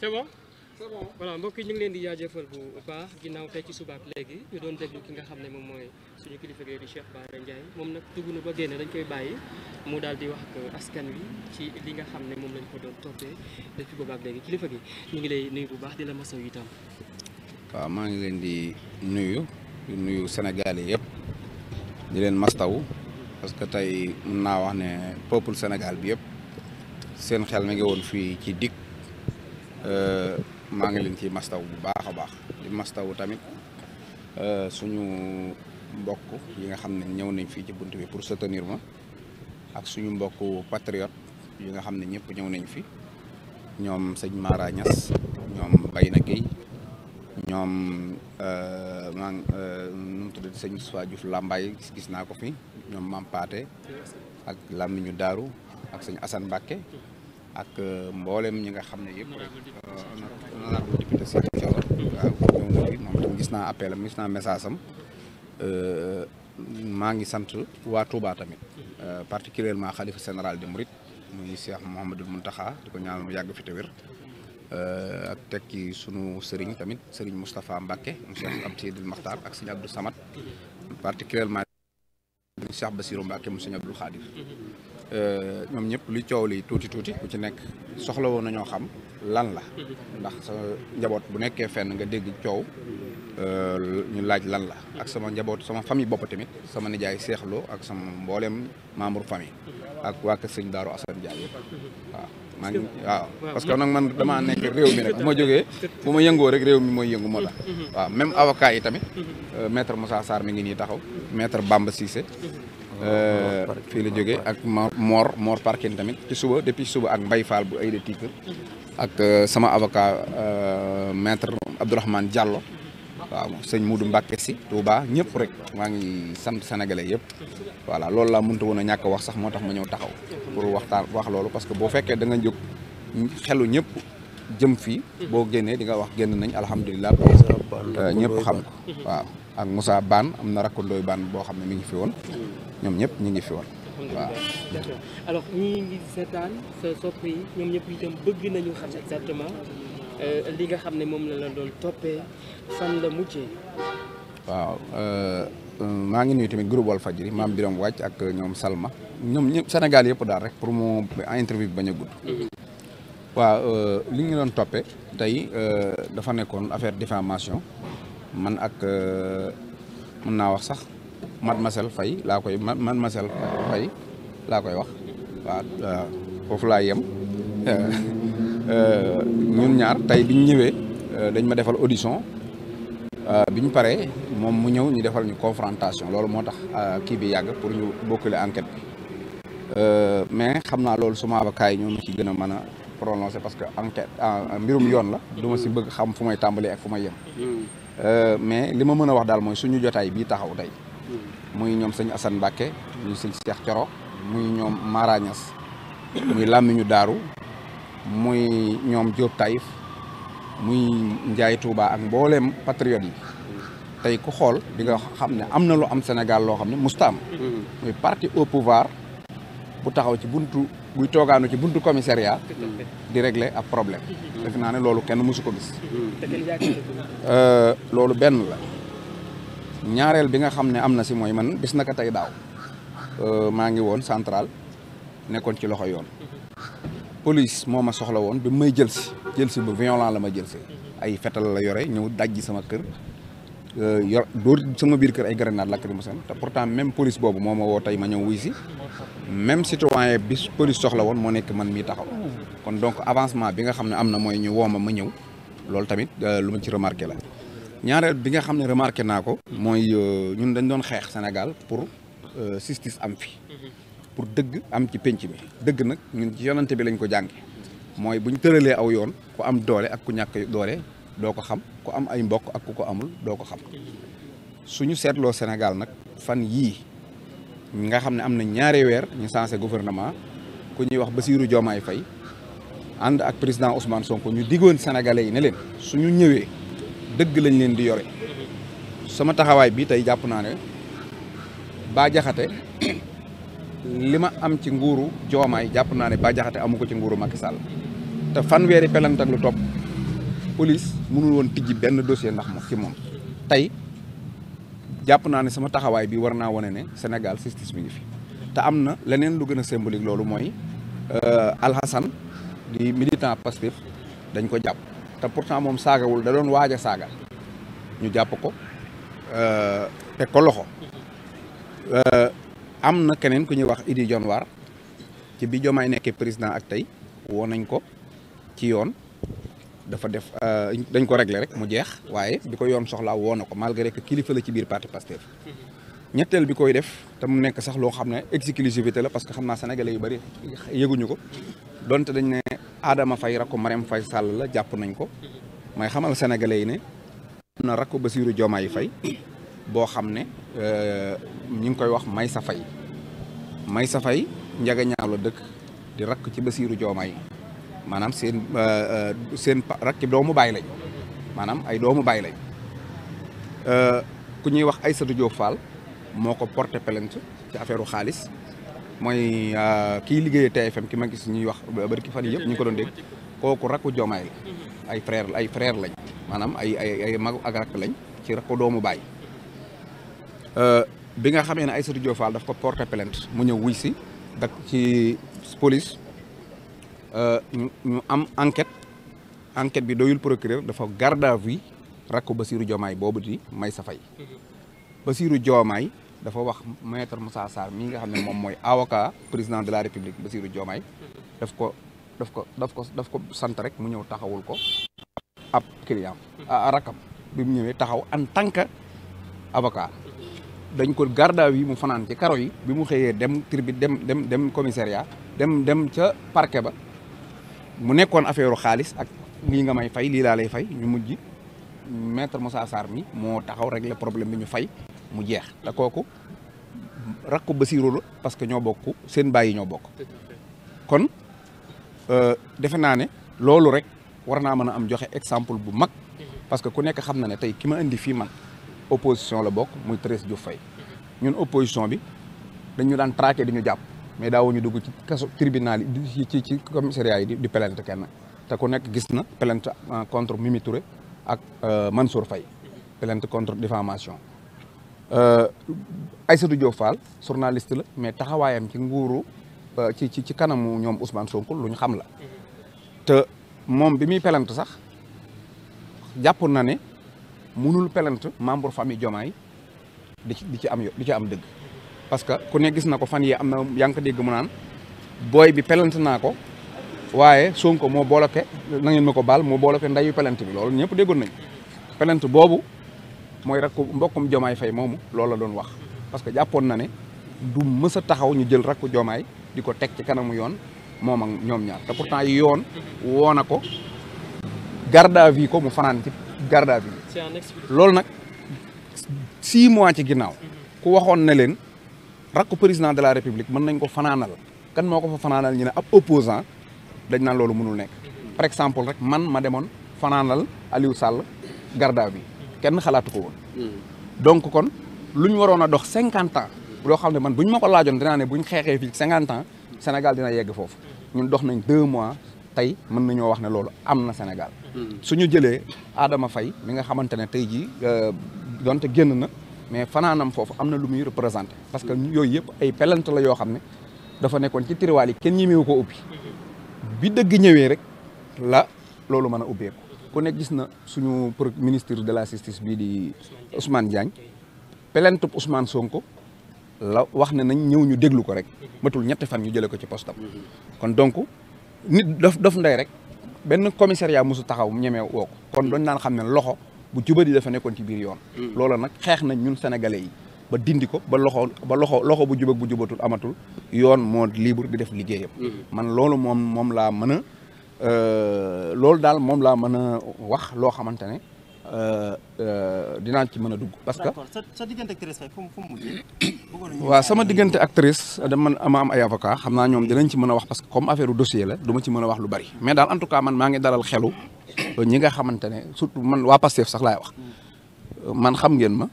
c'est bon. c'est bon voilà mbokk ñu ngi leen di jaajëfal bu baax ginnaaw tey ci subaak léegi ñu doon déglu ki nga xam ne moom mooy suñu kilifa gi di Cheikh moom nag dugg na ba génne dañ koy bàyyi mu daal di wax ak askan wi ci li nga xam ne moom lañ ko doon toppee depuis boobaak léegi kilifa gi ñu ngi lay nuyu bu baax di la masaw itam. waaw maa ngi leen di nuyu di nuyu Sénégal yi yëpp di leen parce que tey mën naa wax ne peuple Sénégal bi yëpp seen xel ma ngi woon fii ci dikk. Euh, maa ngi leen ci mastaw bu baax a baax di mastaw tamit euh, suñu mbokk yi nga xam ne ñëw nañ fii ci bunt bi pour soutenir ma ak suñu mbokk patriote yi nga xam ne ñëpp ñëw nañ fi ñoom sëñ Mara Niass ñoom Baye na Guèye ñoom euh, maa nu mu tudd sëñ Moussa Diouf Lambaay gis naa ko fi ñoom Mampaate ak Lamiñu Daaru ak sëñ Assane Mbacke ak euh, mboolem ñi nga xam ne yëpp rek honorable député Cheikh naa appel am gis naa message am euh, maa ngi sant waa Touba tamit euh, particulièrement xalifa général de Mouride muy Cheikh Mouhamadul Mountakha di ko ñaanal mu yàgg fi te ak teg sunu sëriñ tamit sëriñ Moustapha Mbacke mu Cheikh Abdou Sidil Makhtar ak sëñ Abdou Samad particulièrement Cheikh Bassirou Mbacke mu sëñ Abdou Khadir Euh, ñoom ñëpp lu coow li tuuti tuuti ku ci nekk soxla woon nañoo xam lan la ndax sa njaboot bu nekkee fenn nga dégg coow euh, ñu laaj lan la ak sama njaboot sama famille bopp tamit sama nijaay seexloo ak sama mbooleem membre famille ak waa sëñ Daaru Assane Ndiaye yëpp maa ngi parce que nag man damaa réew mi rek bu ma jógee bu ma yëngoo rek réew mi mooy yëngu moo la waaw même avocat yi tamit euh, maître mosa saar mi ngi nii taxaw maître Bamba Cissé Euh, fii la jóge ak moor moor Parkin tamit ci suba depuis suba ak mbay Fall bu ay de titre ak euh, sama avocat euh, maître Abdourahmane Diallo waaw sëñ Moudou Mbacke si Touba ñëpp rek maa ngi sant sénégalais yëpp voilà loolu laa mënta woon a ñàkk wax sax moo tax ma ñëw taxaw pour waxtaan wax loolu parce que boo fekkee danga jóg xelu ñëpp jëm fii boo génnee di nga wax génn nañ alhamdulilah ñëpp xam ko waaw ak Moussa baan am na rakku Ndoye Bane boo xam ne mu ngi fi woon ñoom ñëpp ñu ngi fi woon euh, li nga xam ne moom la la doon toppee fan la mujjee waaw euh, maa ngi nuyu tamit groupe Walfadjri maam Biram Wàcc ak ñoom Salma ñoom ñëpp Sénégal yëpp daal rek pour mu interview bi bañ gudd mm-hmm. waaw euh, li ñu doon toppee tey dafa nekkoon affaire diffamation man ak euh, mën naa wax sax mademoiselle Faye laa koy mademoiselle Faye laa koy wax waaw foofu laa yem euh, ñun ñaar tey biñ ñëwee euh, dañ ma defal audition bi ñu paree moom mu ñëw ñu defal ñu confrontation loolu moo tax kii bi yàgg pour ñu bokkale enquête bi mais xam naa loolu suma avocat yi ñoom ma ci gën a mën a parce que enquête mbirum yoon la du ma si bëgg xam fu may tàmbalee ak fu may yem hmm. Euh, mais li ma mën a wax daal mooy suñu jotaay bii taxaw tey muy ñoom sëñ Assane Mbacke muy sëñ seex Thioro muy ñoom Mara Niass muy làmmiñu daaru muy ñoom Diop Taïf muy Ndiaye Touba ak mbooleem patriote yi tey ku xool di nga xam ne am na lu am Sénégal loo xam ne musta am mm-hmm. muy parti au pouvoir bu taxaw ci buntu buy toogaanu ci buntu commissariat di régler ab problème def naa ne loolu kenn mësu ko gis euh, loolu benn la ñaareel bi nga xam ne am na si mooy man bis na naka tey daaw euh, maa ngi woon central nekkoon ci loxo yoon police moo ma soxla woon bi may jël si jël si bu violent la ma jël si ay fetal la yore ñëw dajji sama kër Euh, yor dóor sama biir kër ay grenade lacrymogène te pourtant même police boobu moo ma woo tey ma ñëw wuy si même citoyen bi police soxla woon moo nekk man mii taxaw kon donc avancement bi nga xam ne am na mooy ñu woo ma ma ñëw loolu tamit euh, lu ma ci remarqué la ñaareel bi nga xam ne remarqué naa ko mooy euh, ñun dañ doon xeex Sénégal pour justice am fi pour dëgg am ci penc bi dëgg nag ñun ci yonante bi lañ ko jànge mooy bu ñu tëralee aw yoon ku am doole ak ku ñàkk doole doo ko xam ku am ay mbokk ak ku ko amul doo ko xam suñu seetloo Sénégal nag fan yii nga xam ne am na ñaari weer ñu sensé gouvernement ku ñuy wax ba siiru Diomaye Faye ànd ak président Ousmane Sonko ñu diggoon sénégalais yi ne leen suñu ñëwee dëgg lañ leen di yore sama taxawaay bi tey jàpp naa ne Bah Diakhaté li ma am ci nguuru joomaay jàpp naa ne Bah Diakhaté amu ko ci nguuru Macky Sall te fanweeri pelant ak lu topp police mënul woon tijji benn dossier ndax moom ci moom tey jàpp naa ne sama taxawaay bi war naa wane ne Sénégal sistis mi ngi fi te am na leneen lu gën a symbolique loolu mooy euh, Alhassane di militant Pastef dañ ko jàpp te pourtant moom saagawul da doon waaj a saaga ñu jàpp ko euh, teg ko loxo euh, am na keneen ku ñuy wax Idi Dionewar ci bi Diomaye nekkee président ak tey woo nañ ko ci yoon dafa def euh, dañ ko régler rek mu jeex waaye bi ko yoon soxlaa woo na ko malgré que kilifa la ci biir parti Pastef ñetteel bi koy def te mu nekk sax loo xam ne exclusivité la parce que xam naa sénégalais yu bari yëguñu ko donte dañ ne Adama Faye rakku Marème Faye Sall la jàpp nañ ko may xamal sénégalais yi ne am na rakku Bassirou Diomaye Faye boo xam ne euh, ñu ngi koy wax may Maysa Faye Maysa Faye njagañaaw la dëkk di rakk ci Bassirou Diomaye maanaam seen euh, euh, seen rakki doomu baay lañ maanaam ay doomu baay lañ euh, ku ñuy wax ay Diop Fall moo ko porte pelent ci affaire xaalis mooy kii liggéeyee TFM ki ma gis ñuy wax bari ki fan yëpp ñu ko doon dégg kooku rakku Diomaye mhm. ay frère ay frère lañ maanaam ay ay ay mag ak lañ ci rakku doomu baay bi nga xamee ne ay Diop Fall daf ko porté pelent mu ñëw wuy si dak ci police Euh, ñu am enquête enquête bi doyul procureur dafa garde à vue ba Basirou Diomaye boobu di may Maysa Faye mhm. Basirou Diomaye dafa wax maître Moussa Sarr mii nga xam ne moom mooy avocat président de la république Basirou Diomaye mhm. daf ko daf ko daf ko daf ko sant rek mu ñëw taxawul ko ab client mhm. rakam bi mu ñëwee taxaw en tant que avocat dañ ko garde à vue mu fanaan ci karo yi bi mu xëyee dem tribunal dem dem dem commissariat dem dem ca parquet ba mu nekkoon affaire xaalis ak lii nga may fay lii laa lay fay ñu mujj maître Moussa Sarr mi moo taxaw régler problème bi ñu fay mu jeex la kooku rakku Basirou la parce que ñoo bokk seen bàyyi ñoo bokk kon euh, defe naa ne loolu rek war naa mën a am joxe exemple bu mag parce que ku nekk xam na ne tey ki ma indi fii man opposition la bokk muy Thérèse Diouf fay ñun opposition bi dañu daan traqué di ñu jàpp mais daawuñu dugg ci kaso tribunal ci ci commissariat yi di plainte kenn te ku nekk gis na plainte euh, contre Mimi Touré ak euh, Mansour Faye plainte contre diffamation euh, Aïssatou Diop Fall journaliste la mais taxawaayam ci nguuru ci ci ci kanamu ñoom Ousmane Sonko lu ñu xam la te moom bi muy plainte sax jàpp na ne mënul plainte membre famille Diomaye di ci di ci am yo di ci am dëgg parce que ku ne gis na ko fan yi am na yaa ngi ko dégg mu naan booy bi pelante naa ko waaye ko moo bloqué na ngeen ma ko baal moo bloqué ndayu pelante bi lool ñëpp déggoon nañ pelante boobu mooy rakku mbokkum jomaay fay moomu loolu la doon wax parce que jàppoon na ne du mës a taxaw ñu jël rakku jomaay di ko teg ci kanamu yoon moom ñoom ñaar te pourtant yoon woo na ko garde à vue ko mu fanaan ci garde à vue loolu nag six mois ci ginnaaw ku waxoon na leen rakku président de la république mën nañ ko fanaanal kan moo ko fa fanaanal ñu ne ab opposant dañ naan loolu mënul nekk par exemple rek man ma demoon fanaanal Aliou Sall gardaaw bi kenn xalaatu ko woon hmm. donc kon lu ñu waroon a dox cinquante ans loo xam ne man bu ñu ma ko laajoon dinaa ne bu ñu xeexee fii cinquante ans Sénégal dina yegg foofu ñun dox nañ deux mois tey mën nañoo wax ne loolu am na Sénégal hmm. suñu jëlee Adama Faye mi nga xamante ne tey jii euh, donte génn na mais fanaanam foofu am na lu muy représenté parce que yooyu yëpp ay pelante la yoo xam ne dafa nekkoon ci tiriwaal yi kenn ñemewu ko ubbi bi dëgg ñëwee rek la loolu mën a ubbeeku ku nekk gis na suñu ministre de la justice bii di Ousmane Diagne pelante Ousmane Sonko la wax ne nañ ñëw ñu déglu ko rek matul ñetti fan ñu jëlee ko ci postam kon donc nit dof dof ndey rek benn commissariat mosu taxaw ñemee woo ko kon doñ naan xam ne loxo bu jubadi dafa nekkoon ci biir yoon mm. loola nag xeex na ñun sénégalais yi ba dindi ko ba loxo ba loxo loxo bu jubag bu jubatul amatul yoon moo libre di def liggéeyam mm. man loolu moom moom laa mën a euh, loolu daal moom laa mën a wax loo xamante ne euh, euh, dinaa ci mën a dugg parce que waaw sama diggante actrice dama ama am a avocat xam naa ñoom dinañ ci mën a wax parce que comme affaire dossier la du ci mën wax lu bari mais daal en tout man maa ngi dalal xelu ñi nga xamante ne surtout man waa Pastef sax laay wax man xam ngeen ma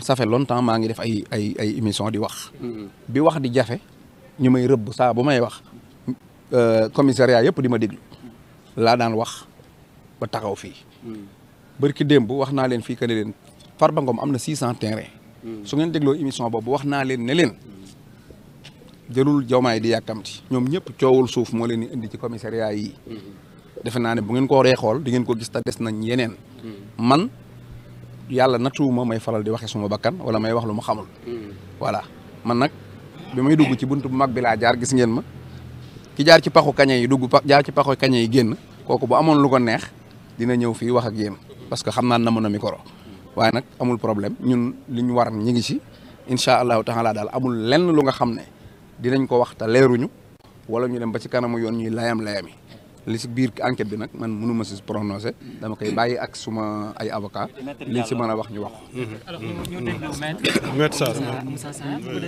ça fait longtemps maa ngi def ay ay ay émission di wax mm-hmm. bi wax di jafe ñu may rëbb saa bu may wax euh, commissariat yëpp di ma déglu laa daan wax ba taxaw fii mm-hmm. barki dem bu wax naa leen fii que ne leen ba ngoom am na six cent terrain mm-hmm. su ngeen dégloo émission boobu wax naa leen ne leen jëlul jawmaay di yàkkamti ñoom ñëpp coowul suuf moo leen di indi ci commissariat yi defe naa ne bu ngeen ko waree xool di ngeen ko gis te des nañ yeneen. man yàlla natuwuma may faral di waxee suma bakkan wala may wax lu ma xamul. voilà man nag bi may dugg ci bunt bu mag bi laa jaar gis ngeen ma ki jaar ci paxu kañe yi dugg jaar ci paxu kañe yi génn kooku bu amoon lu ko neex dina ñëw fii wax ak yéen parce que xam naa na mën a micro. waaye nag amul problème ñun li ñu war ñu ngi ci incha allahu taala daal amul lenn lu nga xam ne dinañ ko wax te leeruñu wala ñu dem ba ci kanamu yoon ñuy layam layami lii si biir enquête bi nag man mënu ma si prononcé dama koy bàyyi ak suma ay avocat liñ si man a wax ñu wax ko.